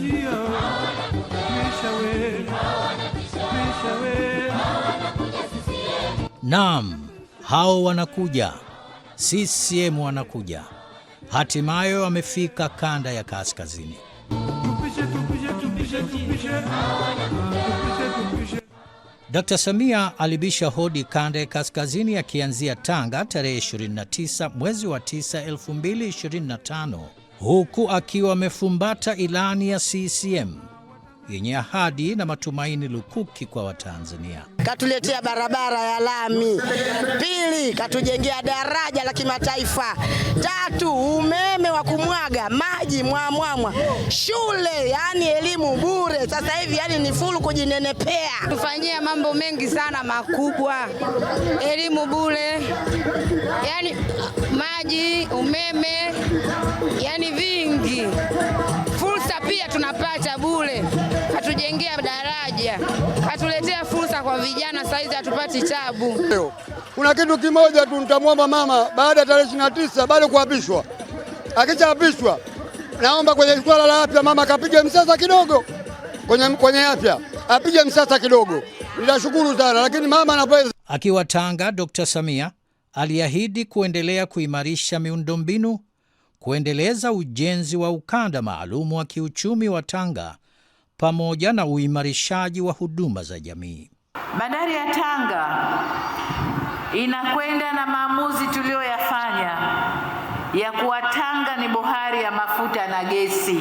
njia Naam, hao wanakuja, CCM wanakuja, hatimaye wamefika kanda ya kaskazini. Tupishe, Dkt. Samia alibisha hodi kanda ya kaskazini akianzia Tanga tarehe 29 mwezi wa 9 2025 huku akiwa amefumbata ilani ya CCM yenye ahadi na matumaini lukuki kwa Watanzania. Katuletea barabara ya lami, pili, katujengea daraja la kimataifa, tatu, umeme wa kumwaga maji mwamwamwa, shule, yani elimu bure sasa hivi, yani ni fulu kujinenepea. Tufanyia mambo mengi sana makubwa, elimu bure, yani maji, umeme yani vingi. Fursa pia tunapata bure, hatujengea daraja, hatuletea fursa kwa vijana, saizi hatupati tabu. Kuna kitu kimoja tu nitamwomba mama, baada ya tarehe ishirini na tisa bado kuapishwa, akichaapishwa naomba kwenye swala la afya mama kapige msasa kidogo kwenye, kwenye afya apige msasa kidogo, nitashukuru sana lakini mama anapoweza. Akiwa Tanga, Dr. Samia aliahidi kuendelea kuimarisha miundombinu kuendeleza ujenzi wa ukanda maalum wa kiuchumi wa Tanga pamoja na uimarishaji wa huduma za jamii. Bandari ya Tanga inakwenda na maamuzi tuliyoyafanya ya kuwa Tanga ni bohari ya mafuta na gesi,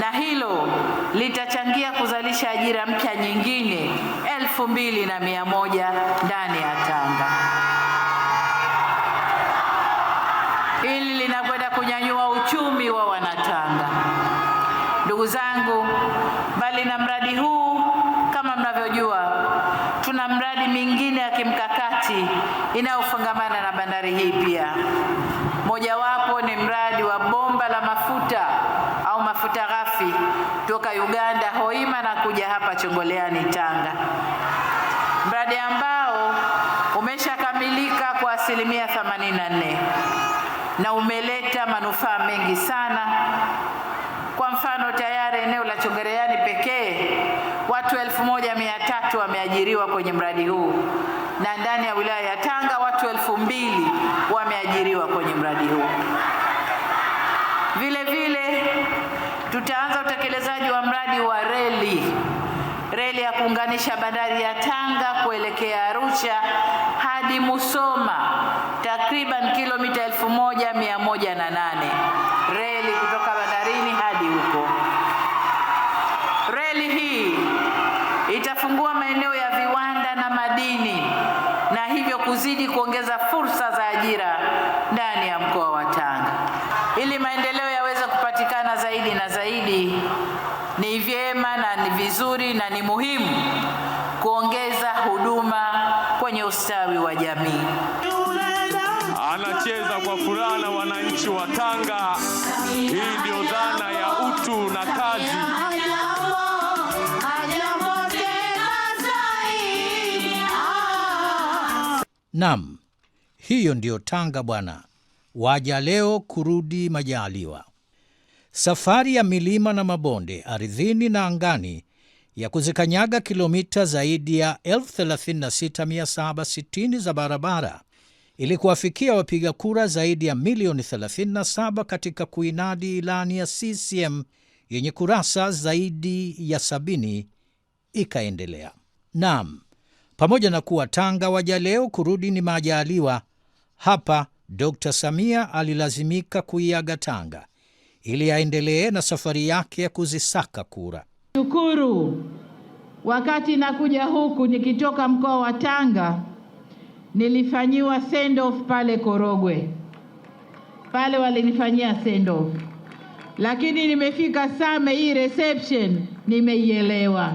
na hilo litachangia kuzalisha ajira mpya nyingine elfu mbili na mia moja ndani ya Tanga. Hili linakwenda kunyanyua uchumi wa Wanatanga. Ndugu zangu, mbali na mradi huu, kama mnavyojua, tuna mradi mingine ya kimkakati inayofungamana na bandari hii pia. Mojawapo ni mradi wa bomba la mafuta au mafuta ghafi toka Uganda Hoima na kuja hapa Chongoleani Tanga, mradi ambao umeshakamilika kwa asilimia 84 na umeleta manufaa mengi sana. Kwa mfano, tayari eneo la Chogereani pekee watu elfu moja mia tatu wameajiriwa kwenye mradi huu na ndani ya wilaya ya Tanga watu elfu mbili wameajiriwa kwenye mradi huu. Vile vile tutaanza utekelezaji wa mradi wa reli reli ya kuunganisha bandari ya Tanga kuelekea Arusha hadi Musoma takriban kilomita nane reli kutoka bandarini hadi huko. Reli hii itafungua maeneo ya viwanda na madini na hivyo kuzidi kuongeza fursa za ajira ndani ya mkoa wa Tanga. Ili maendeleo yaweze kupatikana zaidi na zaidi, ni vyema na ni vizuri na ni muhimu kuongeza huduma kwenye ustawi wa jamii anacheza kwa furaha na wananchi wa Tanga. Hii ndio dhana ya utu na kazi. Nam, hiyo ndiyo Tanga bwana, waja leo kurudi majaliwa. Safari ya milima na mabonde, ardhini na angani, ya kuzikanyaga kilomita zaidi ya 36760 za barabara ili kuwafikia wapiga kura zaidi ya milioni 37 katika kuinadi ilani ya CCM yenye kurasa zaidi ya 7b0 ikaendelea. Naam, pamoja na kuwa Tanga waja leo kurudi ni majaaliwa, hapa Dr. Samia alilazimika kuiaga Tanga ili aendelee na safari yake ya kuzisaka kura. Shukuru, wakati nakuja huku nikitoka mkoa wa Tanga nilifanyiwa send off pale Korogwe, pale walinifanyia send off, lakini nimefika Same hii reception nimeielewa.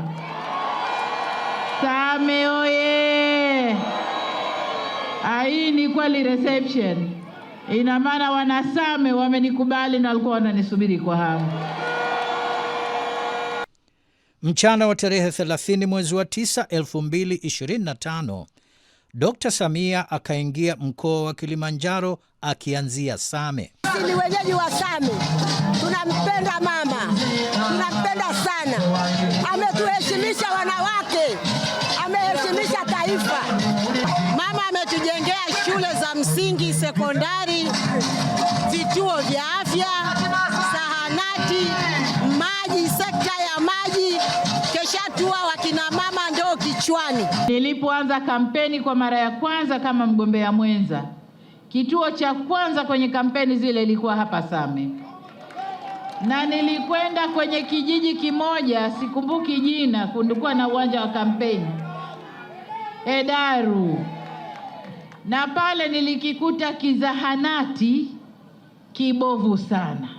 Same oye! Ah, hii ni kweli reception, ina maana wanasame wamenikubali na walikuwa wananisubiri kwa hamu. Mchana wa tarehe 30 mwezi wa 9 2025 Dkt. Samia akaingia mkoa wa Kilimanjaro akianzia Same. ni wenyeji wa Same, tunampenda mama, tunampenda sana. Ametuheshimisha wanawake, ameheshimisha taifa. Mama ametujengea shule za msingi, sekondari, vituo vya afya, zahanati, maji, sekta ya maji, keshatua mama kichwani. Nilipoanza kampeni kwa mara ya kwanza kama mgombea mwenza, kituo cha kwanza kwenye kampeni zile ilikuwa hapa Same, na nilikwenda kwenye kijiji kimoja, sikumbuki jina, kulikuwa na uwanja wa kampeni Hedaru, na pale nilikikuta kizahanati kibovu sana,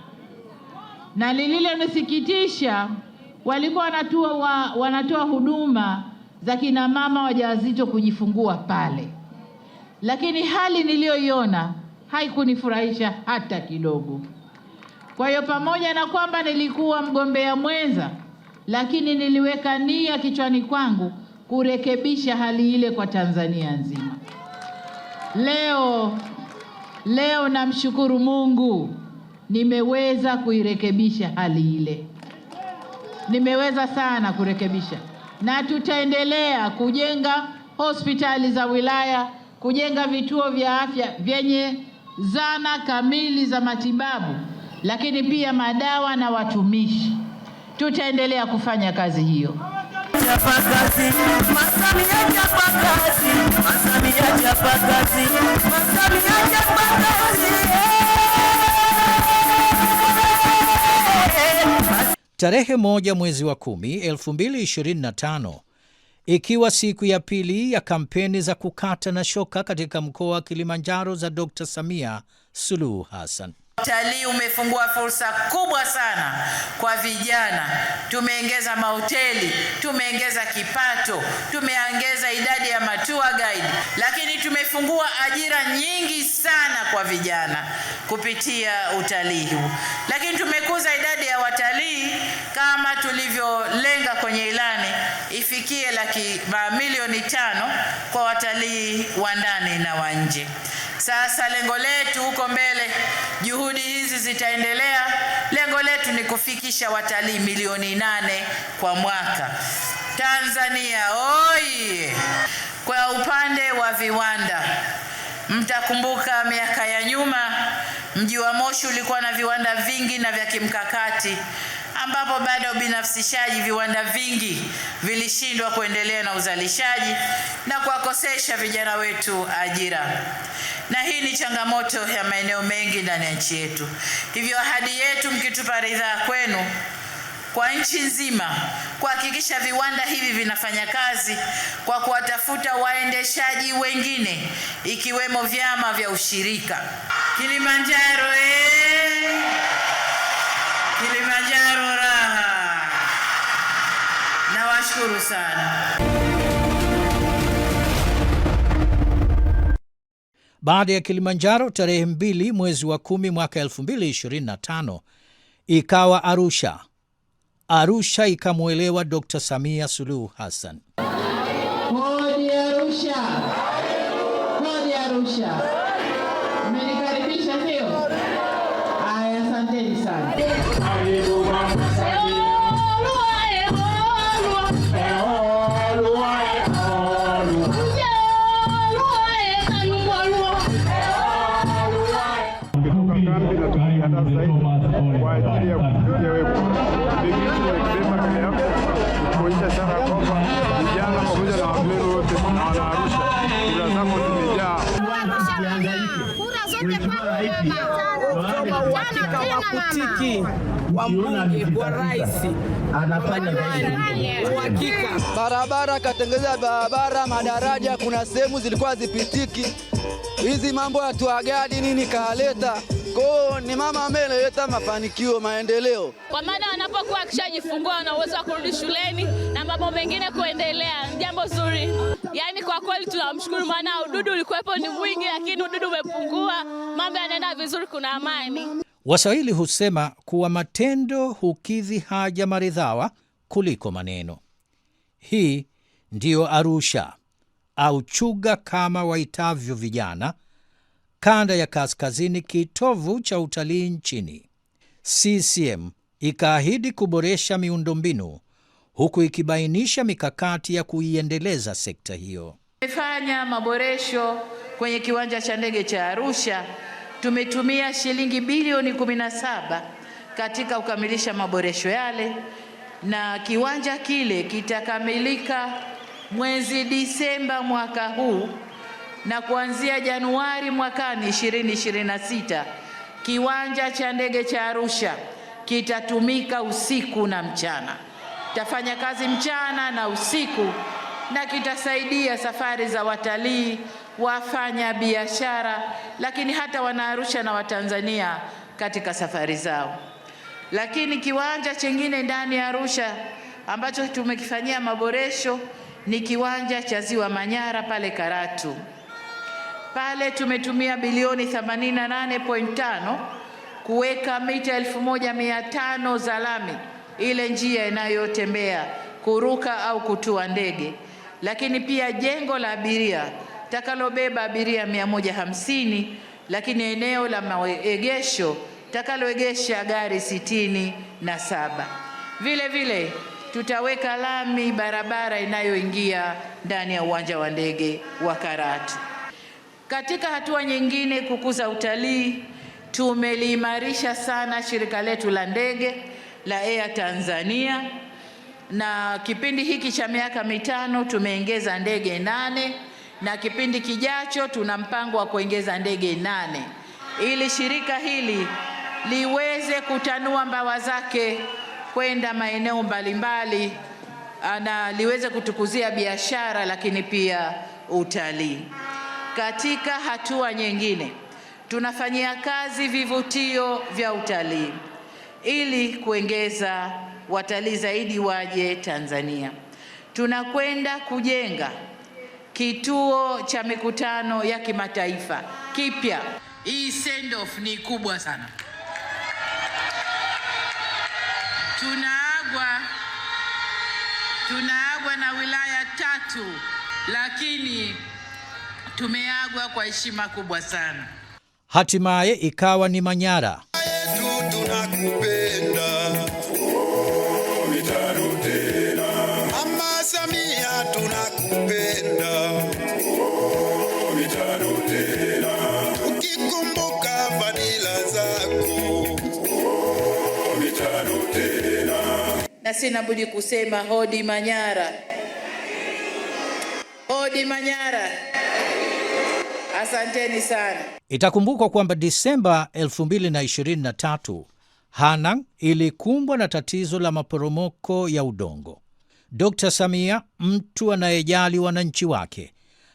na lililonisikitisha walikuwa wanatoa wa, wanatoa huduma za kina mama wajawazito kujifungua pale, lakini hali niliyoiona haikunifurahisha hata kidogo. Kwa hiyo pamoja na kwamba nilikuwa mgombea mwenza, lakini niliweka nia kichwani kwangu kurekebisha hali ile kwa Tanzania nzima. Leo leo namshukuru Mungu nimeweza kuirekebisha hali ile, nimeweza sana kurekebisha na tutaendelea kujenga hospitali za wilaya, kujenga vituo vya afya vyenye zana kamili za matibabu, lakini pia madawa na watumishi. Tutaendelea kufanya kazi hiyo. tarehe moja mwezi wa kumi 2025 ikiwa siku ya pili ya kampeni za kukata na shoka katika mkoa wa Kilimanjaro za Dr. Samia Suluhu Hassan. Utalii umefungua fursa kubwa sana kwa vijana. Tumeongeza mahoteli, tumeongeza kipato, tumeongeza idadi ya matua guide, lakini tumefungua ajira nyingi sana kwa vijana kupitia utalii huu. Lakini tumekuza idadi ya watalii kama tulivyolenga kwenye ilani ifikie laki milioni tano kwa watalii wa ndani na wa nje. Sasa lengo letu huko mbele, juhudi hizi zitaendelea. Lengo letu ni kufikisha watalii milioni nane kwa mwaka Tanzania oye! Kwa upande wa viwanda, mtakumbuka miaka ya nyuma mji wa Moshi ulikuwa na viwanda vingi na vya kimkakati ambapo baada ya ubinafsishaji viwanda vingi vilishindwa kuendelea na uzalishaji na kuwakosesha vijana wetu ajira na hii ni changamoto ya maeneo mengi ndani ya nchi yetu. Hivyo ahadi yetu, mkitupa ridhaa kwenu kwa nchi nzima kuhakikisha viwanda hivi vinafanya kazi kwa kuwatafuta waendeshaji wengine ikiwemo vyama vya ushirika. Kilimanjaro eh! Kilimanjaro raha! Nawashukuru sana. baada ya Kilimanjaro tarehe 2 mwezi wa 10 mwaka 2025 ikawa Arusha. Arusha ikamwelewa Dr. Samia Suluhu Hassan. uhakika wa kutiki wa mbunge wa rais uhakika. Barabara katengeza barabara, madaraja, kuna sehemu zilikuwa zipitiki. Hizi mambo ya tuagadi nini kaaleta ko ni mama ambaye analeta mafanikio maendeleo, kwa maana wanapokuwa akishajifungua wana uwezo wa kurudi shuleni na mambo mengine kuendelea. Jambo zuri. Yaani kwa kweli tunamshukuru, maana ududu ulikuwepo ni mwingi, lakini ududu umepungua, mambo yanaenda vizuri, kuna amani. Waswahili husema kuwa matendo hukidhi haja maridhawa kuliko maneno. Hii ndiyo Arusha au Chuga kama waitavyo vijana, kanda ya kaskazini, kitovu cha utalii nchini. CCM ikaahidi kuboresha miundombinu huku ikibainisha mikakati ya kuiendeleza sekta hiyo. Tumefanya maboresho kwenye kiwanja cha ndege cha Arusha, tumetumia shilingi bilioni 17 katika kukamilisha maboresho yale, na kiwanja kile kitakamilika mwezi Disemba mwaka huu, na kuanzia Januari mwakani 2026 kiwanja cha ndege cha Arusha kitatumika usiku na mchana. Tafanya kazi mchana na usiku, na kitasaidia safari za watalii, wafanya biashara, lakini hata Wanaarusha na Watanzania katika safari zao. Lakini kiwanja chengine ndani ya Arusha ambacho tumekifanyia maboresho ni kiwanja cha Ziwa Manyara pale Karatu. Pale tumetumia bilioni 88.5 kuweka mita 1500 za lami ile njia inayotembea kuruka au kutua ndege, lakini pia jengo la abiria takalobeba abiria mia moja hamsini, lakini eneo la maegesho takaloegesha gari sitini na saba. Vile vile tutaweka lami barabara inayoingia ndani ya uwanja wa ndege wa Karatu. Katika hatua nyingine, kukuza utalii, tumeliimarisha sana shirika letu la ndege la Air Tanzania, na kipindi hiki cha miaka mitano tumeongeza ndege nane na kipindi kijacho tuna mpango wa kuongeza ndege nane ili shirika hili liweze kutanua mbawa zake kwenda maeneo mbalimbali ah, na liweze kutukuzia biashara lakini pia utalii. Katika hatua nyingine, tunafanyia kazi vivutio vya utalii ili kuongeza watalii zaidi waje Tanzania. Tunakwenda kujenga kituo cha mikutano ya kimataifa kipya. Hii send off ni kubwa sana, tunaagwa tunaagwa na wilaya tatu, lakini tumeagwa kwa heshima kubwa sana. Hatimaye ikawa ni Manyara kupenda Na sina budi kusema hodi Manyara, hodi Manyara. Asanteni sana. Itakumbukwa kwamba Disemba 2023 Hanang ilikumbwa na tatizo la maporomoko ya udongo. Dr. Samia, mtu anayejali wananchi wake,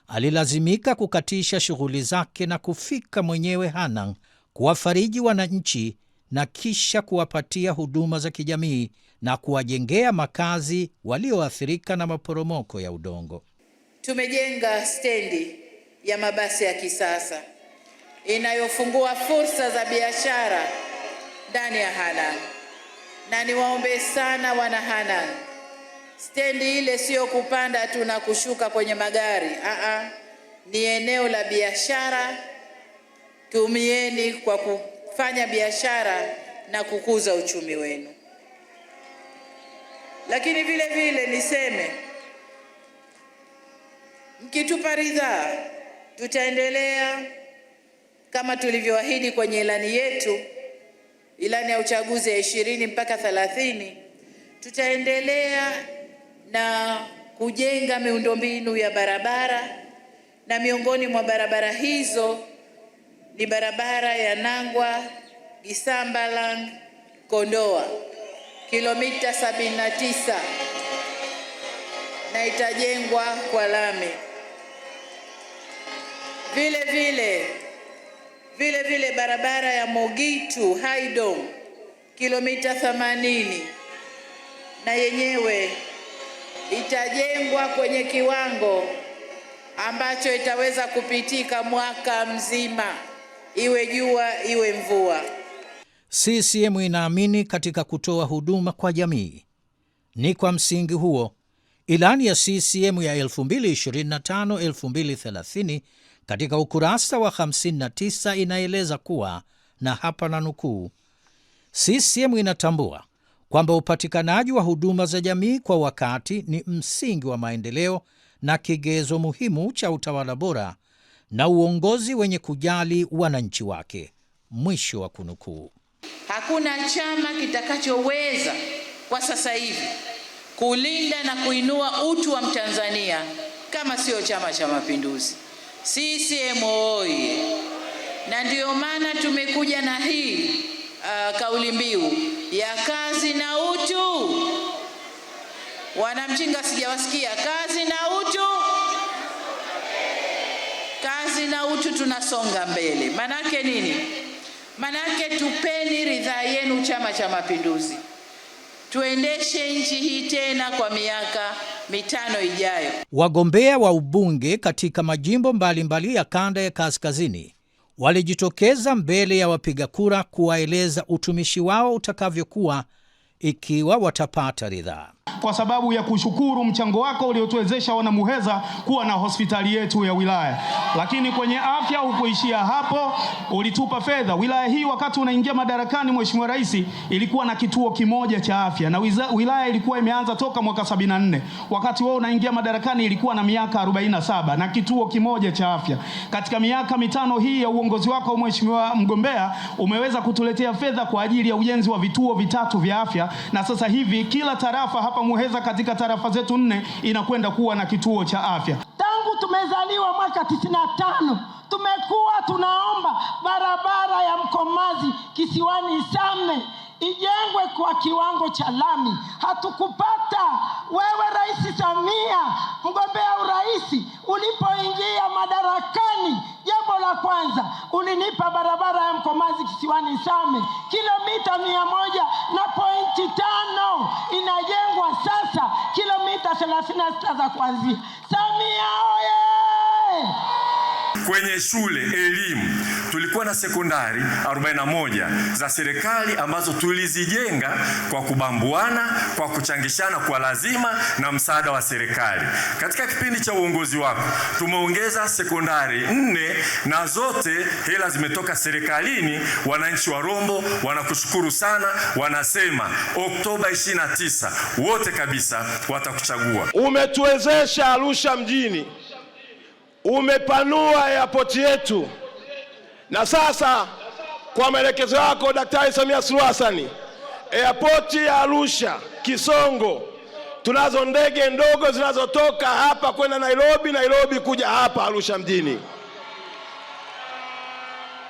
alilazimika kukatisha shughuli zake na kufika mwenyewe Hanang kuwafariji wananchi na kisha kuwapatia huduma za kijamii na kuwajengea makazi walioathirika na maporomoko ya udongo. Tumejenga stendi ya mabasi ya kisasa inayofungua fursa za biashara ndani ya Hanang', na niwaombe sana wana Hanang', stendi ile sio kupanda tu na kushuka kwenye magari Aa, ni eneo la biashara. Tumieni kwa kufanya biashara na kukuza uchumi wenu. Lakini vile vile niseme mkitupa ridhaa, tutaendelea kama tulivyoahidi kwenye ilani yetu ilani ya uchaguzi ya ishirini mpaka thelathini tutaendelea na kujenga miundombinu ya barabara na miongoni mwa barabara hizo ni barabara ya Nangwa Gisambalang Kondoa kilomita 79 na itajengwa kwa lami. Vile vile vile vile barabara ya Mogitu Haidom kilomita 80 na yenyewe itajengwa kwenye kiwango ambacho itaweza kupitika mwaka mzima, iwe jua iwe mvua. CCM inaamini katika kutoa huduma kwa jamii. Ni kwa msingi huo ilani ya CCM ya 2025-2030 katika ukurasa wa 59 inaeleza kuwa, na hapa na nukuu, CCM inatambua kwamba upatikanaji wa huduma za jamii kwa wakati ni msingi wa maendeleo na kigezo muhimu cha utawala bora na uongozi wenye kujali wananchi wake. Mwisho wa kunukuu. Hakuna chama kitakachoweza kwa sasa hivi kulinda na kuinua utu wa Mtanzania kama siyo Chama cha Mapinduzi. CCM oyee! Na ndiyo maana tumekuja na hii uh, kauli mbiu ya kazi na utu. Wanamchinga sijawasikia, kazi na utu, kazi na utu, tunasonga mbele. Manake nini? Manake tupeni ridhaa yenu Chama cha Mapinduzi, tuendeshe nchi hii tena kwa miaka mitano ijayo. Wagombea wa ubunge katika majimbo mbalimbali mbali ya kanda ya kaskazini walijitokeza mbele ya wapiga kura kuwaeleza utumishi wao utakavyokuwa ikiwa watapata ridhaa kwa sababu ya kushukuru mchango wako uliotuwezesha wanamuheza kuwa na hospitali yetu ya wilaya. Lakini kwenye afya hukuishia hapo, ulitupa fedha wilaya hii. Wakati unaingia madarakani, Mheshimiwa Rais, ilikuwa na kituo kimoja cha afya na wilaya ilikuwa imeanza toka mwaka nne. Wakati wewe unaingia madarakani ilikuwa na miaka 47 na kituo kimoja cha afya. Katika miaka mitano hii ya uongozi wako, Mheshimiwa mgombea, umeweza kutuletea fedha kwa ajili ya ujenzi wa vituo vitatu vya afya na sasa hivi kila tarafa hapa Muheza katika tarafa zetu nne inakwenda kuwa na kituo cha afya. Tangu tumezaliwa mwaka 95 tumekuwa tunaomba barabara ya Mkomazi Kisiwani Same ijengwe kwa kiwango cha lami. Hatukupata wewe, Rais Samia, mgombea urais, ulipoingia madarakani, jambo la kwanza ulinipa barabara ya Mkomazi Kisiwani Same kilomita mia moja na pointi tano inajengwa sasa kilomita thelathini na sita za kuanzia. Samia oye! Kwenye shule elimu, tulikuwa na sekondari 41 za serikali ambazo tulizijenga kwa kubambuana, kwa kuchangishana kwa lazima na msaada wa serikali. Katika kipindi cha uongozi wako tumeongeza sekondari nne, na zote hela zimetoka serikalini. Wananchi wa Rombo wanakushukuru sana, wanasema Oktoba 29 wote kabisa watakuchagua. Umetuwezesha Arusha mjini umepanua airport yetu, na sasa kwa maelekezo yako Daktari Samia Suluhu Hassan, airport ya Arusha Kisongo tunazo ndege ndogo zinazotoka hapa kwenda Nairobi, Nairobi kuja hapa Arusha mjini,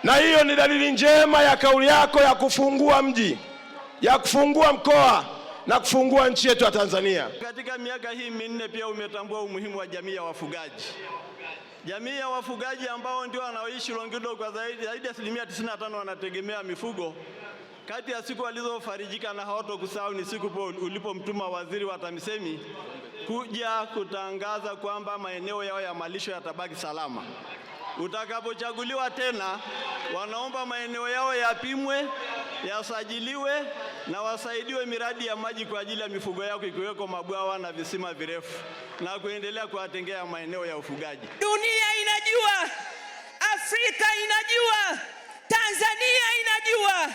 na hiyo ni dalili njema ya kauli yako ya kufungua mji, ya kufungua mkoa na kufungua nchi yetu ya Tanzania. Katika miaka hii minne pia umetambua umuhimu wa jamii ya wafugaji. Jamii ya wafugaji ambao ndio wanaoishi Longido kwa zaidi ya asilimia 95 wanategemea mifugo. Kati ya siku walizofarijika na kusahau ni siku ulipomtuma waziri wa TAMISEMI kuja kutangaza kwamba maeneo yao ya malisho yatabaki salama utakapochaguliwa tena, wanaomba maeneo yao yapimwe, yasajiliwe na wasaidiwe miradi ya maji kwa ajili ya mifugo yao, ikiweko mabwawa na visima virefu na kuendelea kuwatengea maeneo ya ufugaji. Dunia inajua, Afrika inajua, Tanzania inajua.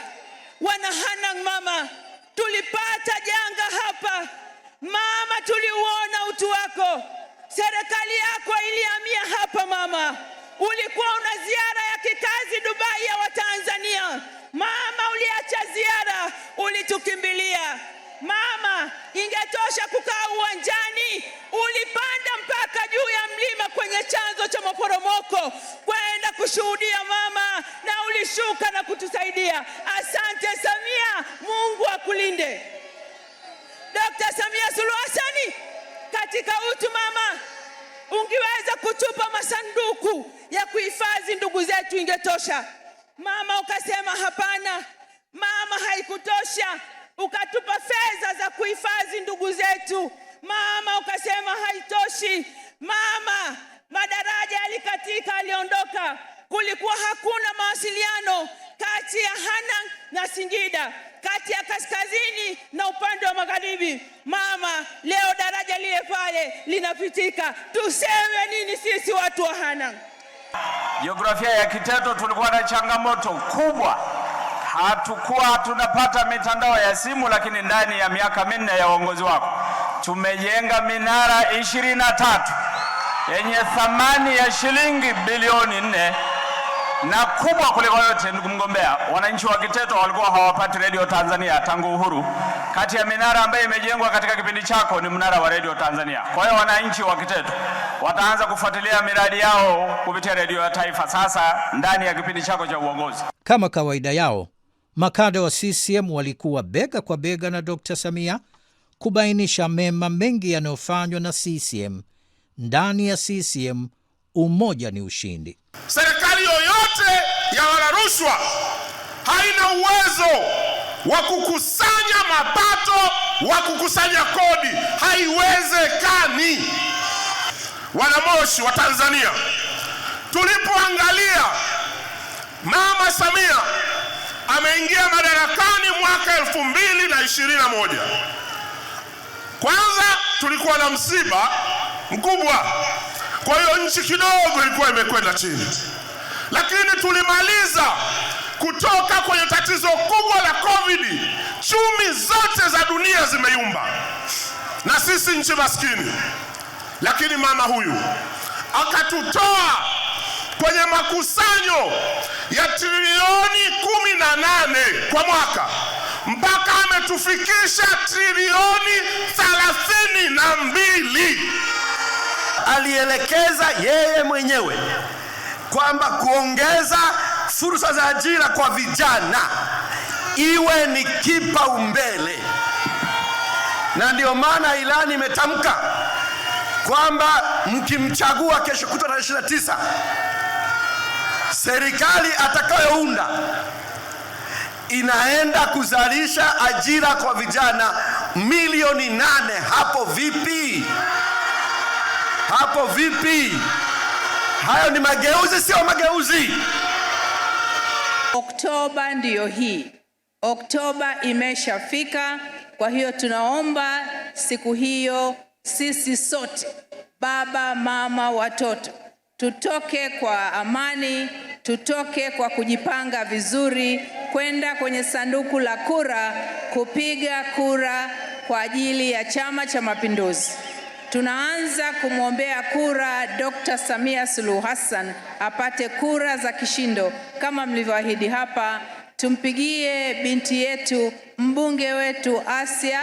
Wanahanang' mama, tulipata janga hapa mama, tuliuona utu wako. Serikali yako ilihamia hapa mama ulikuwa una ziara ya kikazi Dubai ya Watanzania. Mama, uliacha ziara, ulitukimbilia. Mama, ingetosha kukaa uwanjani, ulipanda mpaka juu ya mlima kwenye chanzo cha maporomoko kwenda kushuhudia mama, na ulishuka na kutusaidia. Asante Samia, Mungu akulinde. Dr. Samia Suluhu Hassani, katika utu mama Ungeweza kutupa masanduku ya kuhifadhi ndugu zetu, ingetosha. Mama ukasema hapana, mama, haikutosha. Ukatupa fedha za kuhifadhi ndugu zetu, mama, ukasema haitoshi. Mama, madaraja yalikatika, aliondoka kulikuwa hakuna mawasiliano kati ya Hanang na Singida, kati ya kaskazini na upande wa magharibi. Mama, leo daraja lile pale linapitika, tuseme nini sisi watu wa Hanang? Jiografia ya Kiteto tulikuwa na changamoto kubwa hatukuwa tunapata mitandao ya simu, lakini ndani ya miaka minne ya uongozi wako tumejenga minara ishirini na tatu yenye thamani ya shilingi bilioni nne na kubwa kuliko yote, ndugu mgombea, wananchi wa Kiteto walikuwa hawapati redio Tanzania tangu uhuru. Kati ya minara ambayo imejengwa katika kipindi chako ni mnara wa redio Tanzania. Kwa hiyo wananchi wa Kiteto wataanza kufuatilia miradi yao kupitia redio ya taifa sasa ndani ya kipindi chako cha uongozi. Kama kawaida yao, makada wa CCM walikuwa bega kwa bega na Dr. Samia kubainisha mema mengi yanayofanywa na CCM ndani ya CCM umoja ni ushindi. Serikali yoyote ya rushwa haina uwezo wa kukusanya mapato, wa kukusanya kodi, haiwezekani. Wanamoshi wa Tanzania, tulipoangalia Mama Samia ameingia madarakani mwaka elfu mbili na ishirini na moja, kwanza tulikuwa na msiba mkubwa kwa hiyo nchi kidogo ilikuwa imekwenda chini, lakini tulimaliza kutoka kwenye tatizo kubwa la COVID. Chumi zote za dunia zimeyumba na sisi nchi maskini, lakini mama huyu akatutoa kwenye makusanyo ya trilioni kumi na nane kwa mwaka mpaka ametufikisha trilioni thelathini na mbili alielekeza yeye mwenyewe kwamba kuongeza fursa za ajira kwa vijana iwe ni kipaumbele, na ndiyo maana ilani imetamka kwamba mkimchagua kesho kutwa tarehe 29, serikali atakayounda inaenda kuzalisha ajira kwa vijana milioni nane. Hapo vipi? hapo vipi? Hayo ni mageuzi, sio mageuzi. Oktoba ndiyo hii, Oktoba imeshafika. Kwa hiyo tunaomba siku hiyo sisi sote, baba, mama, watoto, tutoke kwa amani, tutoke kwa kujipanga vizuri kwenda kwenye sanduku la kura kupiga kura kwa ajili ya Chama cha Mapinduzi. Tunaanza kumwombea kura Dr. Samia Suluhu Hassan apate kura za kishindo kama mlivyoahidi hapa. Tumpigie binti yetu mbunge wetu Asia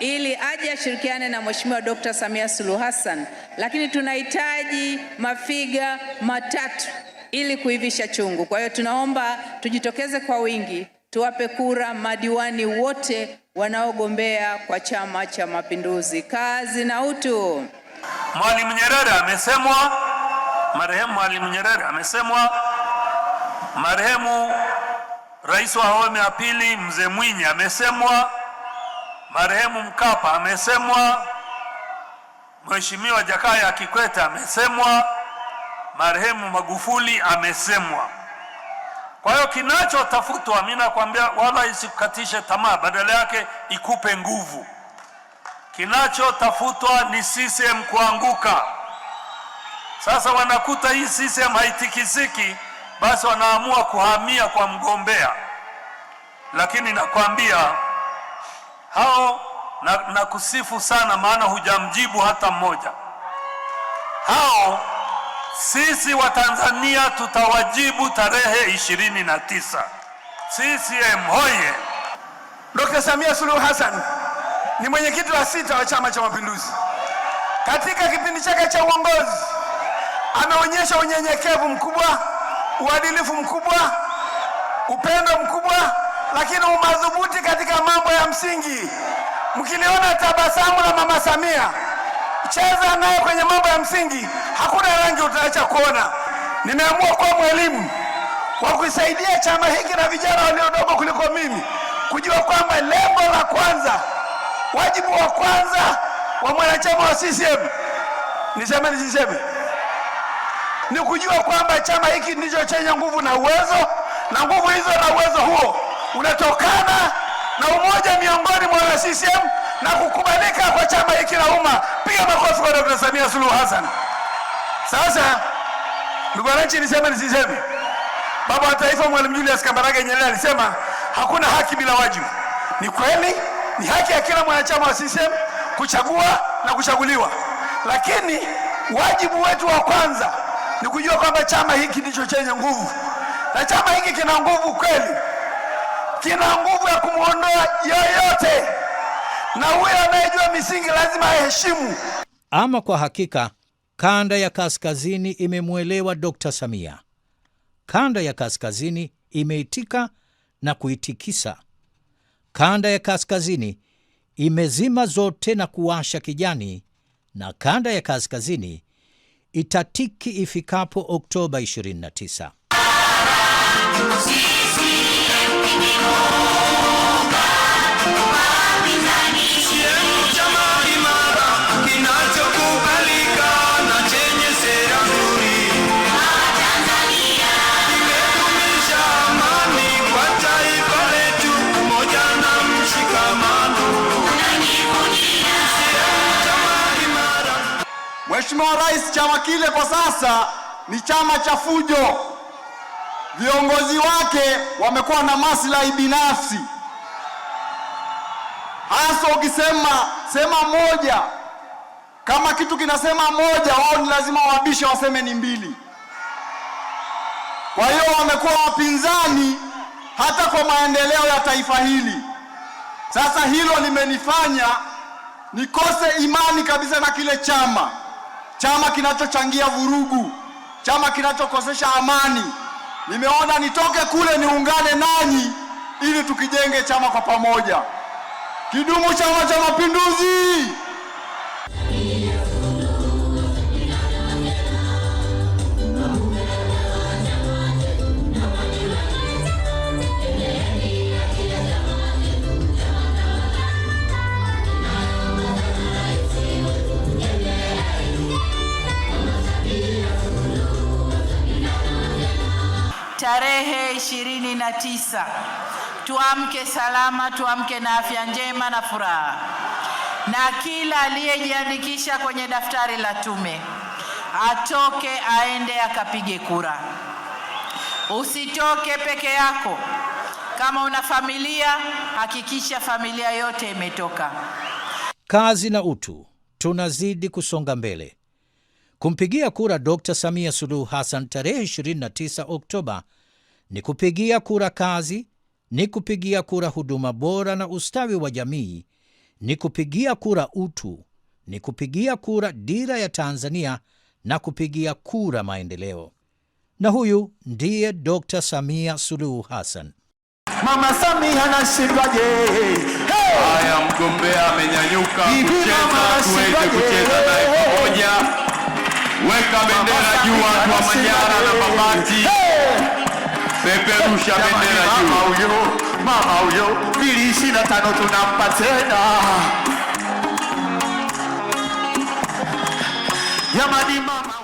ili aje ashirikiane na Mheshimiwa Dr. Samia Suluhu Hassan, lakini tunahitaji mafiga matatu ili kuivisha chungu. Kwa hiyo tunaomba tujitokeze kwa wingi tuwape kura madiwani wote wanaogombea kwa Chama cha Mapinduzi. Kazi na utu. Mwalimu Nyerere amesemwa, marehemu Mwalimu Nyerere amesemwa, marehemu rais wa awamu ya pili Mzee Mwinyi amesemwa, marehemu Mkapa amesemwa, Mheshimiwa Jakaya Kikwete amesemwa, marehemu Magufuli amesemwa. Kwa hiyo kinachotafutwa, mimi nakwambia, wala isikukatishe tamaa, badala yake ikupe nguvu. Kinachotafutwa ni CCM kuanguka. Sasa wanakuta hii CCM haitikisiki, basi wanaamua kuhamia kwa mgombea, lakini nakwambia hao na, na kusifu sana, maana hujamjibu hata mmoja hao sisi Watanzania tutawajibu tarehe 29. na tisa. CCM hoye! Dr. Samia Suluhu Hassan ni mwenyekiti wa sita wa Chama cha Mapinduzi. Katika kipindi chake cha uongozi ameonyesha unyenyekevu mkubwa, uadilifu mkubwa, upendo mkubwa, lakini umadhubuti katika mambo ya msingi. Mkiliona tabasamu la Mama Samia cheza naye kwenye mambo ya msingi, hakuna rangi utaacha kuona. Nimeamua kuwa mwalimu wa kusaidia chama hiki na vijana waliodogo kuliko mimi kujua kwamba lengo la kwanza, wajibu wa kwanza wa mwanachama wa CCM, niseme nisiseme, ni kujua kwamba chama hiki ndicho chenye nguvu na uwezo, na nguvu hizo na uwezo huo unatokana na umoja miongoni mwa CCM na kukubalika kwa chama hiki na umma. Piga makofi kwa Dr. Samia Suluhu Hassan. Sasa ndugu wananchi, niseme nisiseme, baba wa taifa Mwalimu Julius Kambarage Nyerere alisema hakuna haki bila wajibu. Ni kweli, ni haki ya kila mwanachama wa CCM kuchagua na kuchaguliwa, lakini wajibu wetu wa kwanza ni kujua kwamba chama hiki ndicho chenye nguvu, na chama hiki kina nguvu kweli, kina nguvu ya kumwondoa yoyote na huyo anayejua misingi lazima aheshimu. Ama kwa hakika kanda ya kaskazini imemwelewa Dr. Samia. Kanda ya kaskazini imeitika na kuitikisa. Kanda ya kaskazini imezima zote na kuwasha kijani, na kanda ya kaskazini itatiki ifikapo Oktoba 29. Mheshimiwa Rais, chama kile kwa sasa ni chama cha fujo. Viongozi wake wamekuwa na maslahi binafsi, hasa ukisema sema moja, kama kitu kinasema moja, wao ni lazima wabishe waseme ni mbili. Kwa hiyo wamekuwa wapinzani hata kwa maendeleo ya taifa hili. Sasa hilo limenifanya nikose imani kabisa na kile chama chama kinachochangia vurugu, chama kinachokosesha amani. Nimeona nitoke kule niungane nanyi ili tukijenge chama kwa pamoja. Kidumu Chama cha Mapinduzi! tarehe ishirini na tisa. Tuamke salama, tuamke na afya njema na furaha, na kila aliyejiandikisha kwenye daftari la tume atoke aende akapige kura. Usitoke peke yako. Kama una familia, hakikisha familia yote imetoka. Kazi na utu, tunazidi kusonga mbele. Kumpigia kura Dr. Samia Suluhu Hassan tarehe 29 Oktoba ni kupigia kura kazi, ni kupigia kura huduma bora na ustawi wa jamii, ni kupigia kura utu, ni kupigia kura dira ya Tanzania na kupigia kura maendeleo. Na huyu ndiye Dr. Samia Suluhu Hassan. Mama Samia anashindaje? Haya, Mgombea amenyanyuka kucheza, tuweze kucheza naye pamoja. Weka bendera juu watu wa Manyara na Babati, peperusha bendera juu. Mama huyo bilioni ishirini na tano tunampa tena. Jamani mama